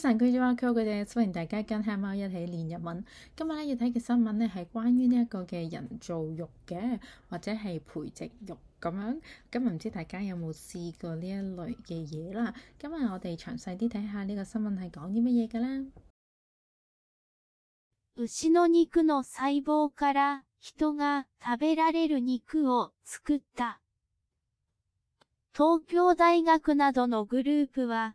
歡迎大家跟黑貓一起練日文。今日咧要睇嘅新聞呢，係關於呢一個嘅人造肉嘅，或者係培植肉咁樣。咁唔知大家有冇試過呢一類嘅嘢啦。今日我哋詳細啲睇下呢個新聞係講啲乜嘢㗎啦？牛の肉の細胞から人が食べられる肉を作った。東京大學などのグループは。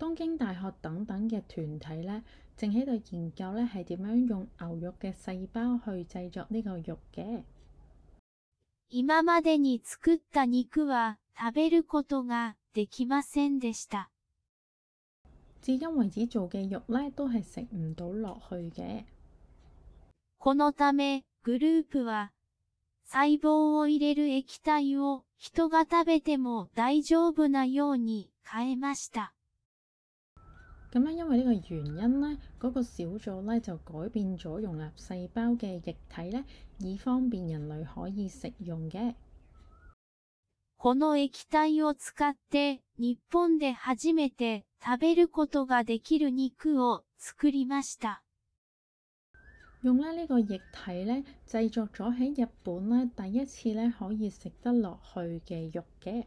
東京大學等等嘅團體咧，正喺度研究咧，係點樣用牛肉嘅細胞去製作呢個肉嘅。今までに作った肉は食べることができませんでした。至今為止做嘅肉咧，都係食唔到落去嘅。このため、グループは細胞を入れる液體を人が食べても大丈夫なように変えました。咁樣，因為呢個原因咧，嗰個小組咧就改變咗容納細胞嘅液體咧，以方便人類可以食用嘅。この液體を使って日本で初めて食べることができる肉を作りました。用咧呢個液體咧，製作咗喺日本咧第一次咧可以食得落去嘅肉嘅。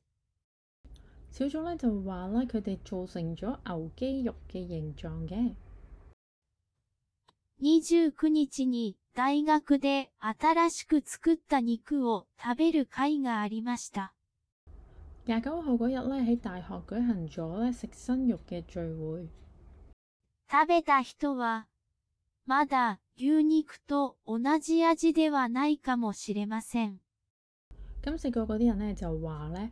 小組咧就話咧，佢哋做成咗牛肌肉嘅形狀嘅。二十九號嗰日呢，喺大學舉行咗呢，食新肉嘅聚會。食新肉嘅聚會。咁食過嗰啲人咧就話咧。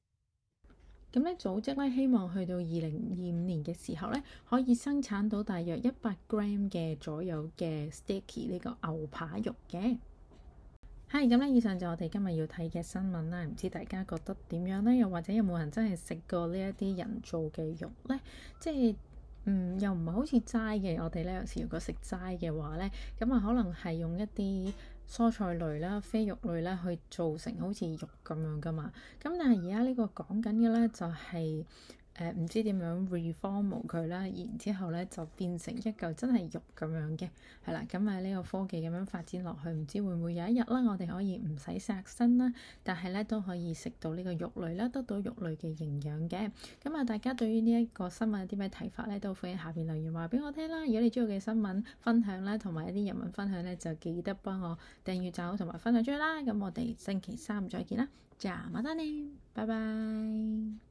咁咧組織咧希望去到二零二五年嘅時候咧，可以生產到大約一百 gram 嘅左右嘅 sticky 呢個牛扒肉嘅。係咁咧，以上就我哋今日要睇嘅新聞啦，唔知大家覺得點樣咧？又或者有冇人真係食過呢一啲人造嘅肉咧？即係。嗯，又唔係好似齋嘅，我哋咧有時如果食齋嘅話咧，咁啊可能係用一啲蔬菜類啦、非肉類啦去做成好似肉咁樣㗎嘛。咁但係而家呢個講緊嘅咧就係、是。唔知點樣 reform 佢啦，然之後咧就變成一嚿真係肉咁樣嘅，係啦。咁啊呢個科技咁樣發展落去，唔知會唔會有一日啦，我哋可以唔使殺身啦，但係咧都可以食到呢個肉類啦，得到肉類嘅營養嘅。咁啊，大家對於呢一個新聞有啲咩睇法咧？都歡迎下邊留言話俾我聽啦。如果你中意嘅新聞分享啦，同埋一啲日文分享咧，就記得幫我訂閱讚好同埋分享出去啦。咁我哋星期三再見啦，就咁多，拜拜。